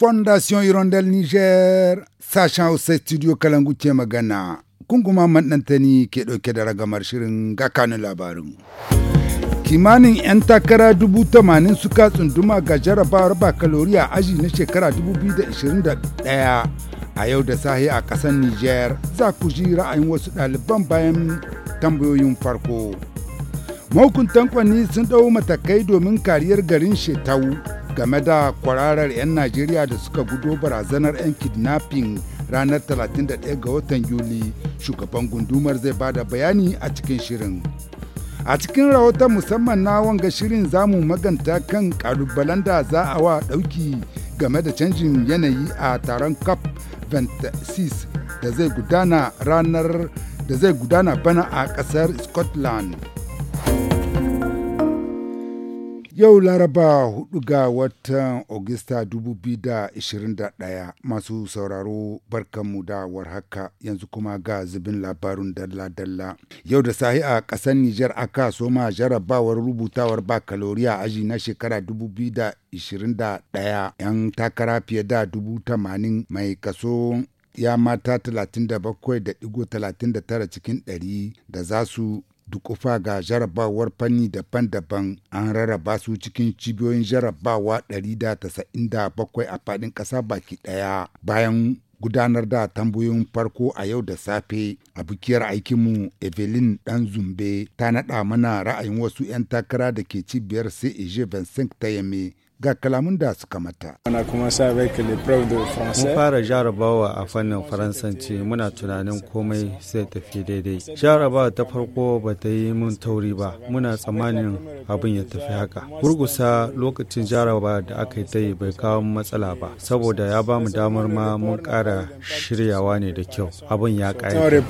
fondation hirondel niger sashen hausa studio kalangu ke magana kunguma maɗantani ke ɗauke da ragamar shirin ga labarin kimanin 'yan takara dubu tamanin suka tsunduma ga jarabawar bakalori a aji na shekara 2021 a yau da sahi a ƙasar niger za ku ji ra'ayin wasu ɗaliban bayan tambayoyin farko mahukuntan kwanni sun ɗau matakai domin kariyar garin shetau game da kwararar 'yan Najeriya da suka gudo barazanar 'yan kidnapping ranar 31 ga watan Yuli shugaban gundumar zai ba da bayani a cikin shirin. A cikin rahoton musamman na wanga shirin zamu maganta kan kalubalen da za a wa dauki game da canjin yanayi a taron cup 26 da zai gudana da zai gudana bana a kasar Scotland. Yau Laraba 4 ga watan Agusta 2021 masu sauraro barkanmu da warhaka yanzu kuma ga zubin labarun dalla-dalla. Yau da sahi a ƙasar Nijar aka soma jarabawar rubutawar bakaloriya aji na shekara 2021 'yan takara fiye da 80,000 mai kaso ya mata 37.39 cikin 100 da za su dukufa ga jarabawar fanni daban-daban an rarraba su cikin cibiyoyin jarabawa 197 a faɗin ƙasa baki ɗaya bayan gudanar da tambayoyin farko a yau da safe a bikiyar aikinmu evelyn dan zumbe ta naɗa mana ra'ayin wasu 'yan takara da ke cibiyar cej 25 ta yame ga kalamun da suka mata. Mun fara jarabawa a fannin Faransanci muna tunanin komai sai tafi daidai. Jarabawa ta farko ba ta yi mun tauri ba, muna tsammanin abin ya tafi haka. Gurgusa lokacin jarabawa da aka yi ta yi bai kawo matsala ba, saboda ya ba mu damar ma mun ƙara shiryawa ne da kyau. Abin ya ƙare.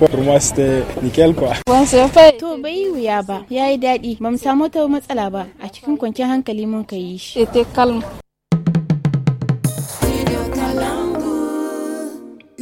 To bai wuya ba, ya yi daɗi, ba mu ta matsala ba, a cikin kwanciyar hankali mun ka yi calma.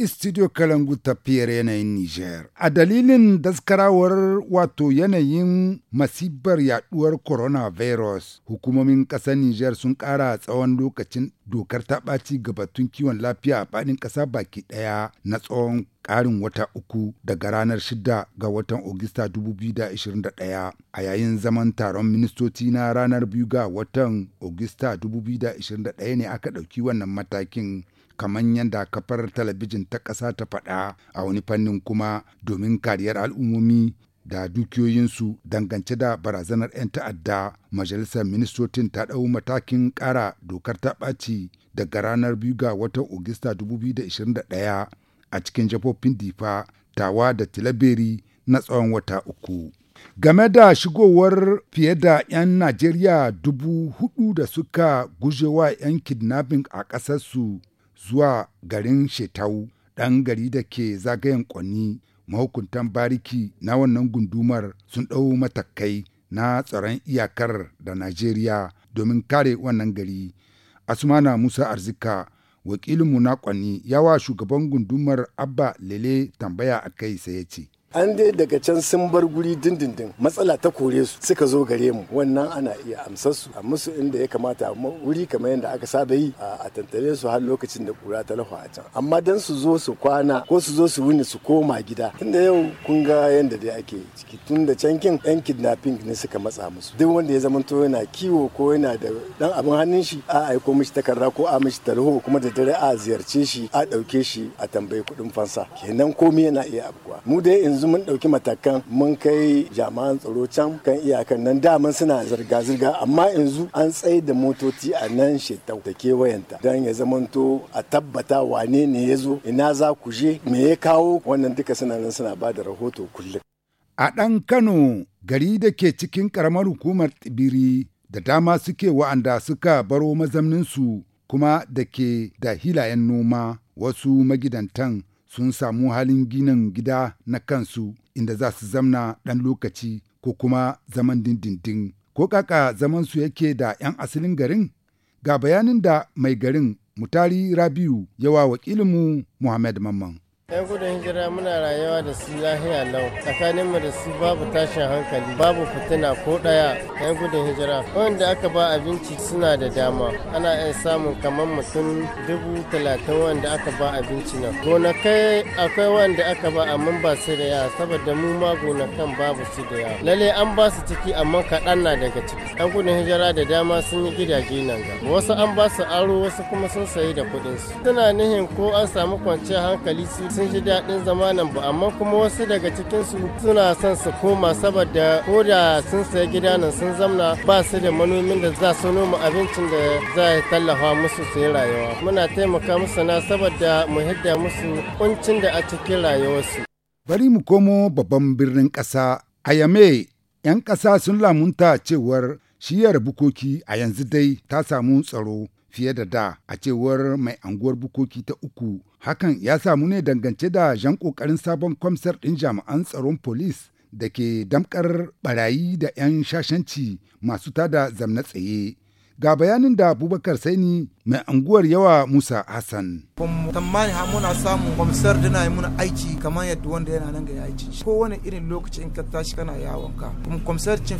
Studio Kalangu tafiyar yanayin Nijar. A dalilin daskarawar wato yanayin masibar yaduwar coronavirus, hukumomin ƙasar Nijar sun ƙara tsawon lokacin dokar ta ɓaci ga batun kiwon lafiya a faɗin ƙasa baki ɗaya na tsawon ƙarin wata uku daga ranar shida ga watan Ogista 2021 a yayin zaman taron ministoci na ranar 2 watan Ogista 2021 ne aka ɗauki wannan matakin kamar yadda kafar talabijin ta ƙasa ta faɗa a wani fannin kuma domin kariyar al'ummomi da dukiyoyinsu dangance da barazanar 'yan ta'adda majalisar ministocin ta ɗau matakin ƙara dokar ta ɓaci daga ranar biyu ga watan Ogista 2021 a cikin jafofin difa tawa da tilaberi na tsawon wata uku. Game da shigowar fiye da 'yan Najeriya dubu hudu da suka gujewa 'yan kidnapping a ƙasarsu zuwa garin Shetau ɗan gari da ke zagayen ƙwanni, mahukuntan bariki na wannan gundumar sun ɗau matakai na tsaron iyakar da Najeriya domin kare wannan gari. Asmana Musa Arzika wakilinmu na ƙwanni, yawa shugaban gundumar Abba Lele tambaya a kai sai ya ce. an dai daga can sun bar guri dindindin matsala ta kore su suka zo gare mu wannan ana iya amsar su a musu inda ya kamata a wuri kamar yadda aka saba yi a tantare su har lokacin da kura ta lafa a can amma dan su zo su kwana ko su zo su wuni su koma gida tunda yau kun ga yadda dai ake ciki tun da can kin yan kidnapping ne suka matsa musu duk wanda ya zamanto yana kiwo ko yana da dan abin hannun shi a aiko mishi takarda ko a mishi tarho kuma da dare a ziyarce shi a dauke shi a tambayi kuɗin fansa kenan komai yana iya abuwa mu dai in yanzu mun ɗauki matakan mun kai jami'an tsaro can kan iyakan nan da mun suna zirga-zirga amma yanzu an tsaye da motoci a nan shetau da kewayenta don ya zamanto a tabbata wane ne ya zo ina za ku je me ya kawo wannan duka suna nan suna ba da rahoto kullum. A ɗan Kano gari da ke cikin ƙaramar hukumar Tsibiri da dama suke wa'anda suka baro mazamninsu kuma da ke da hilayen noma wasu magidantan sun samu halin ginin gida na kansu inda za su zamna ɗan lokaci ko kuma zaman dindindin. Ko kaka zaman su yake da 'yan asalin garin? Ga bayanin da mai garin Mutari Rabiu yawa wakilinmu Muhammad Mamman. 'yan gudun hijira muna rayuwa da su lahiya lau tsakaninmu da su babu tashin hankali babu fitina ko ɗaya 'yan gudun hijira wanda aka ba abinci suna da dama ana iya samun kamar mutum dubu talatin wanda aka ba abinci nan gonakai akwai wanda aka ba amma ba su da yawa saboda mu ma gonakan babu su da yawa lalle an ba su ciki amma kaɗan na daga ciki 'yan gudun hijira da dama sun yi gidaje nan ga wasu an ba su aro wasu kuma sun sayi da kuɗinsu suna nihin ko an samu kwanciyar hankali su sun ji daɗin zamanin ba amma kuma wasu daga cikinsu suna son su koma saboda ko da sun saya gida nan sun zamna ba su da manomin da za su noma abincin da za a tallafa musu su yi rayuwa muna taimaka musu na saboda mu hidda musu kuncin da a cikin rayuwarsu. bari mu komo babban birnin ƙasa a yame 'yan ƙasa sun lamunta cewar shiyar bukoki a yanzu dai ta samu tsaro fiye da da a cewar mai anguwar bukoki ta uku Hakan ya samu ne dangance da jan ƙoƙarin sabon kwamsar ɗin jami'an tsaron polis da ke damƙar barayi da 'yan shashanci masu tada zamna tsaye Ga bayanin da Abubakar Saini mai anguwar yawa Musa Hassan. tamani ha muna samu kwamsar na yi muna aiki kamar yadda wanda yana nan ga ya aiki. Ko wani irin lokaci in ka tashi kana yawon ka. Kuma kwamsar cin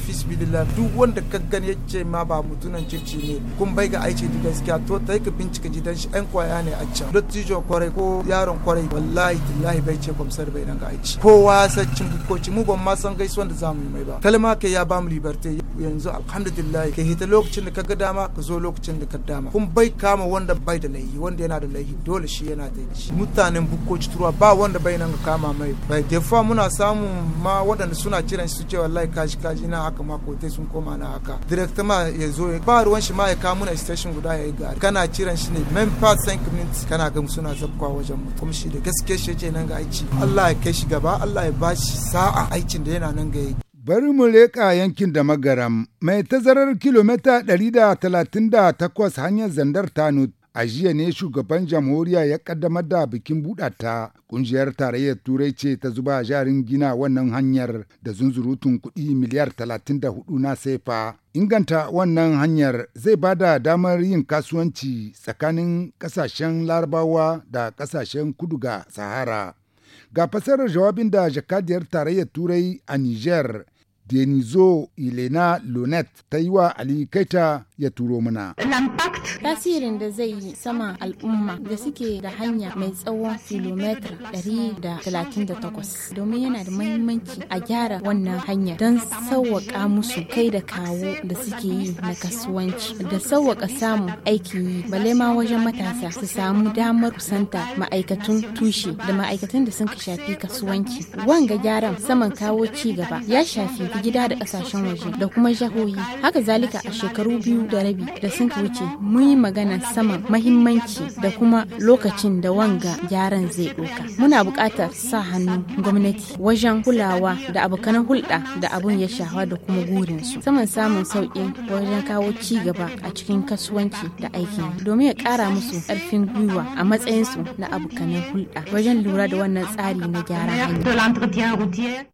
duk wanda ka gani ya ce ma ba mutunan cici ne. Kun bai ga aiki da gaskiya to ta yi ka bincika gidan shi yan kwaya ne a can. Dattijo kwarai ko yaron kwarai wallahi tillahi bai ce kwamsar bai nan ga aiki. Kowa cin hukoci mu ban ma san gaisuwan da za mu yi mai ba. Kalma ke ya ba mu liberté yanzu alhamdulillah ka hita lokacin da ka ga dama ka zo lokacin da ka dama kun bai kama wanda bai da laihi wanda yana da laihi dole shi yana da shi mutanen bukkoci turuwa ba wanda bai nan ka kama mai bai defa muna samun ma waɗanda suna kiran su ce wallahi kaji kaji na haka ma ko sun koma na haka director ma ya zo ba ruwan shi ma ya kawo muna station guda ya yi gari kana kiran shi ne men part 5 minutes kana ga suna zabkwa wajen mu kuma shi da gaske shi ce nan ga aiki Allah ya kai shi gaba Allah ya bashi sa'a aikin da yana nan ga yi Bari mu leƙa yankin da magaram mai tazarar kilomita 138 hanyar zandar Tanut. A jiya ne shugaban jamhuriya ya kaddamar da bikin buɗata. Ƙungiyar tarayyar Turai ce ta zuba jarin gina wannan hanyar da zunzurutun kuɗi miliyar 34 na sefa. Inganta wannan hanyar zai ba da damar yin kasuwanci tsakanin ƙasashen larabawa da ƙasashen kudu ga Sahara. Ga fasarar jawabin da jakadiyar tarayyar Turai a Nijar Denizo Ilena Lonet ta yi wa Ali Kaita ya turo mana. Tasirin da zai yi sama al'umma da suke da hanya mai tsawon kilometer 138 domin yana da mahimmanci a gyara wannan hanya don sauwaƙa musu kai da kawo da suke yi na kasuwanci da sauwaƙa samun aikin yi bale ma wajen matasa su samu damar kusanta ma'aikatun tushe da ma'aikatan da sun shafi kasuwanci. Wanga gyaran saman kawo ci gaba ya shafi gida da kasashen waje da kuma jihohi haka zalika a shekaru biyu da rabi da sun wuce mun yi magana sama mahimmanci da kuma lokacin da wanga gyaran zai ɗauka muna buƙatar sa hannu gwamnati wajen kulawa da abokanan hulɗa da abun ya shafa da kuma gurinsu saman samun sauƙi wajen kawo ci gaba a cikin kasuwanci da aikin domin ya ƙara musu ƙarfin gwiwa a matsayinsu na abokanan hulɗa wajen lura da wannan tsari na gyara hanya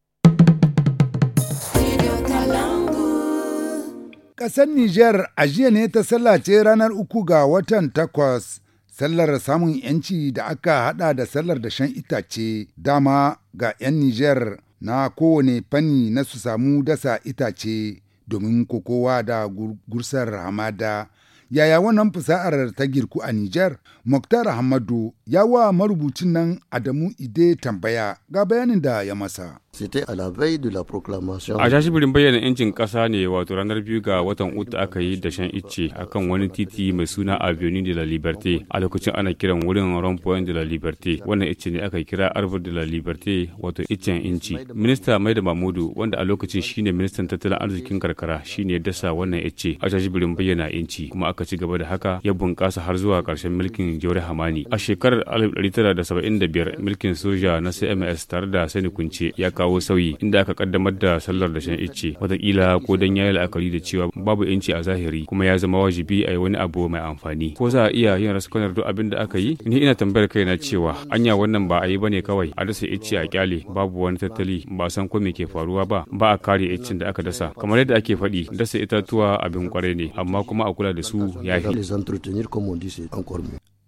Ƙasar Nijar a jiya ne ta sallace ranar uku ga watan takwas, sallar samun ‘yanci da aka haɗa da sallar da shan itace dama ga ‘yan Nijar na kowane fanni na su samu dasa itace domin kokowa da gursar hamada. Yaya wannan fusa'ar ta girku a Nijar? Muktar Hamadu ya wa marubucin nan Adamu Ide tambaya ga bayanin da ya masa. C'était à la veille de la proclamation. A jashibirin bayyana 'yancin ƙasa ne wato ranar biyu ga watan Uta aka yi dashen icce akan wani titi mai suna Avenue de la Liberté a lokacin ana kiran wurin Rond-Point de la Liberté wannan icce ne aka kira Arbre de la Liberté wato iccen inci. Minista Maida Mahmudu wanda a lokacin shine ministan tattalin arzikin karkara shine ya dasa wannan icce a jashibirin bayyana inci kuma aka ci gaba da haka ya bunkasa har zuwa karshen mulkin Jaure Hamani. A shekarar 1975 mulkin soja na CMS tare da Sani Kunce ya kawo kawo sauyi inda aka kaddamar da sallar da shan icce wataƙila ko dan yi la'akari da cewa babu yanci a zahiri kuma ya zama wajibi a yi wani abu mai amfani ko za a iya yin raskanar duk abin da aka yi ni ina tambayar kaina cewa anya wannan ba a yi bane kawai a dasa icce a kyale babu wani tattali ba san ko me ke faruwa ba ba a kare iccen da aka dasa kamar yadda ake faɗi dasa itatuwa abin kwarai ne amma kuma a kula da su ya fi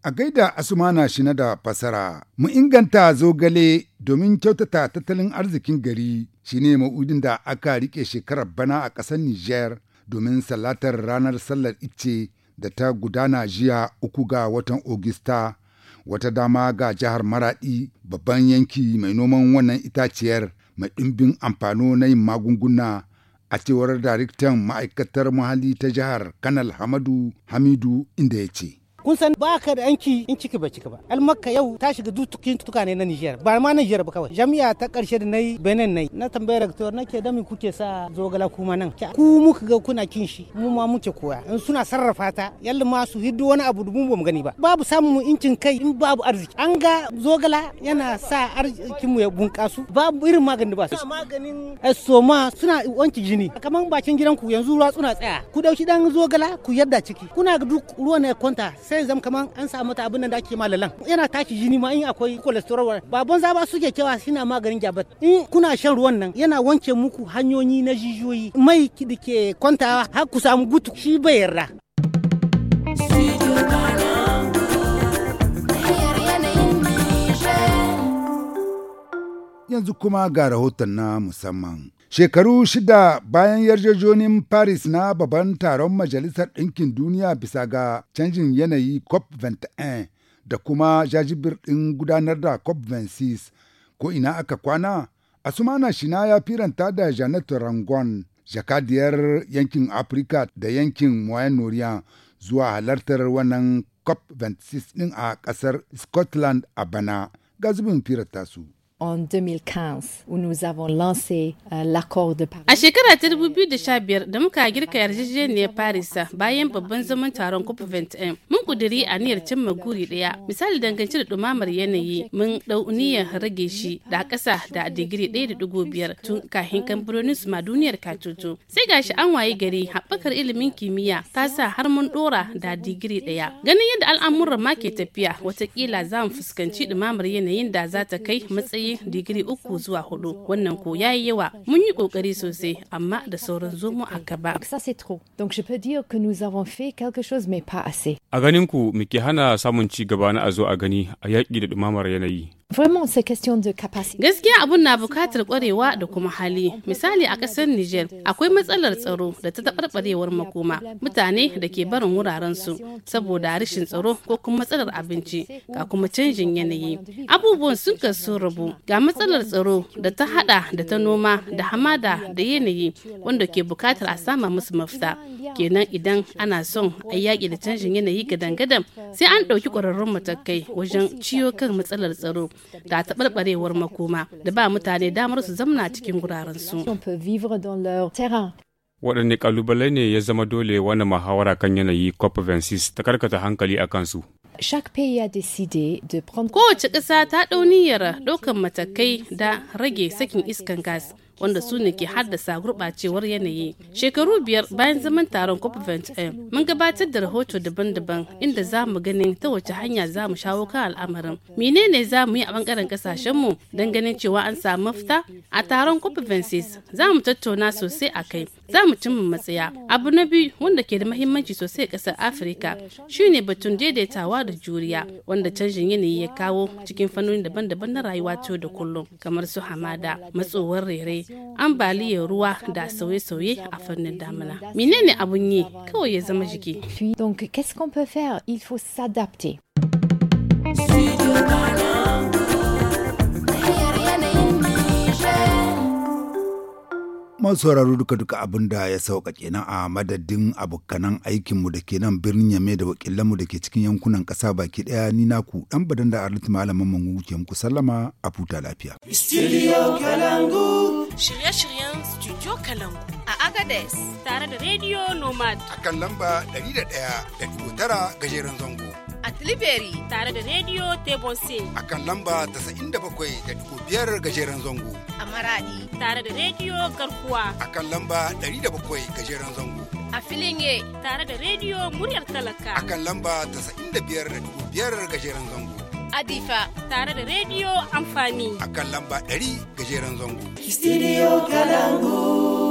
A gaida Asumana Shina da fasara, mu inganta zogale domin kyautata tattalin arzikin gari shine ma'udin da aka rike shekarar bana a ƙasar Nijar domin salatar ranar sallar icce da ta gudana jiya uku ga watan Ogista. Wata dama ga jihar Maraɗi babban yanki mai noman wannan itaciyar mai ɗimbin amfano na yin magunguna a cewar daraktan ma'aikatar muhalli ta jihar Kanal Hamadu Hamidu inda ya ce. kun san ba ka da yanki in ciki ba ciki ba makka yau ta shiga dutukin tuka ne na Niger ba ma Niger ba kawai jami'a ta karshe da nayi Benin nayi na tambayar rektor nake da mu kuke sa zogala kuma nan ku muka ga kuna kin shi mu ma muke koya in suna sarrafa ta yalla ma su hiddo wani abu ba mu gani ba babu samun incin kai in babu arziki an ga zogala yana sa arzikin mu ya bunkasu babu irin magani ba su maganin soma suna wanki jini kamar bakin gidan ku yanzu ruwa suna tsaya ku dauki dan zogala ku yadda ciki kuna duk ruwan ya kwanta sai sai zama kaman an samu ta abin da ake malalan yana taki jini ma in akwai cholesterol baban zaba suke cewa suna maganin jabat in kuna shan ruwan nan yana wanke muku hanyoyi na jijiyoyi mai kidike kwanta kwantawa har ku samu gutu shi bai yarda. yanzu kuma ga rahoton na musamman. Shekaru shida bayan yarjejonin Paris na babban taron Majalisar Ɗinkin Duniya bisa ga canjin yanayi COP21 da kuma jajibir ɗin gudanar da COP26 ko ina aka kwana, Asumana Shina ya firanta da Janet Rangon, jakadiyar yankin Afirka da yankin Moyen Orient zuwa halartar wannan COP26 ɗin a ƙasar Scotland a bana, ga zubin firanta su. en 2015 où nous avons lancé euh, l'accord de Paris. A shekara ta 2015 da muka girka yarjejeniyar Paris bayan babban zaman taron COP21 mun a aniyar cimma guri daya misali dangance da dumamar yanayi mun dau niyyar rage shi da kasa da digiri 1.5 tun kafin kamfanonin su ma duniyar katoto sai gashi an waye gari haɓakar ilimin kimiyya ta sa har mun dora da digiri daya ganin yadda al'amuran ma ke tafiya watakila za mu fuskanci dumamar yanayin da za ta kai matsayin yi digiri uku zuwa hudu wannan ko ya yi yawa mun yi kokari sosai amma da sauran zomo a gaba a ganin ku muke hana samun ci gaba na a zo a gani a yaƙi da ɗumamar yanayi Gaskiya abun na bukatar kwarewa da kuma hali. Misali a kasar niger akwai matsalar tsaro da ta taɓarɓarewar makoma mutane da ke barin wuraren su saboda rashin tsaro ko kuma matsalar abinci ga kuma canjin yanayi. Abubuwan sun kasu rabu ga matsalar tsaro da ta hada da ta noma da hamada da yanayi wanda ke bukatar a sama musu mafita. kenan idan ana son a yaƙi da canjin yanayi gadan-gadan sai an ɗauki ƙwararrun matakai wajen ciyo kan matsalar tsaro da taɓarɓarewar makoma da ba mutane damar su zamna cikin su. waɗanne ƙalubale ne ya zama dole wani muhawara kan yanayi cop 26 ta karkata hankali a kansu kowace ƙasa ta ɗau niyyar ɗaukan matakai da rage sakin iskan gas wanda su ne ke haddasa gurɓacewar yanayi shekaru biyar bayan zaman taron cop 21 mun gabatar da rahoto daban-daban inda za mu ganin ta wace hanya za mu shawo kan al'amarin menene za mu yi a bangaren ƙasashenmu don ganin cewa an samu mafita a taron cop 26 za mu tattauna sosai a kai za mu cimma matsaya abu na biyu wanda ke da mahimmanci sosai a ƙasar afirka shine batun daidaitawa da juriya wanda canjin yanayi ya kawo cikin fannoni daban-daban na rayuwa ta da kullum kamar su hamada matsowar rere ambaliyar ruwa da sauye-sauye a fannin damina. Menene abun yi kawai ya zama jiki? Donc, qu'est-ce sauraro duka-duka abin da ya sauka kenan a madadin abokanan aikinmu da ke nan birnin yame da wakilanmu da ke cikin yankunan ƙasa baki ɗaya ni naku ɗan badan da arlit malamin mangu ke muku sallama a futa lafiya. Studio Kalangu. shirye-shiryen Studio Kalangu. A Agades. Tare da Radio Nomad. A kan lamba 101.9 gajeren zango. A Tilibiri. Tare da Radio Tebonse. A kan lamba 97.5 gajeren zango. A Maradi. Tare da Radio Garkuwa. A kan lamba 107 gajeren zango. A Filinge. Tare da Radio Muryar Talaka. A kan lamba 95.5 gajeren zango. Adifa tare da rediyo amfani. A kan lamba 100 gajeren zango. Studio Kalangu.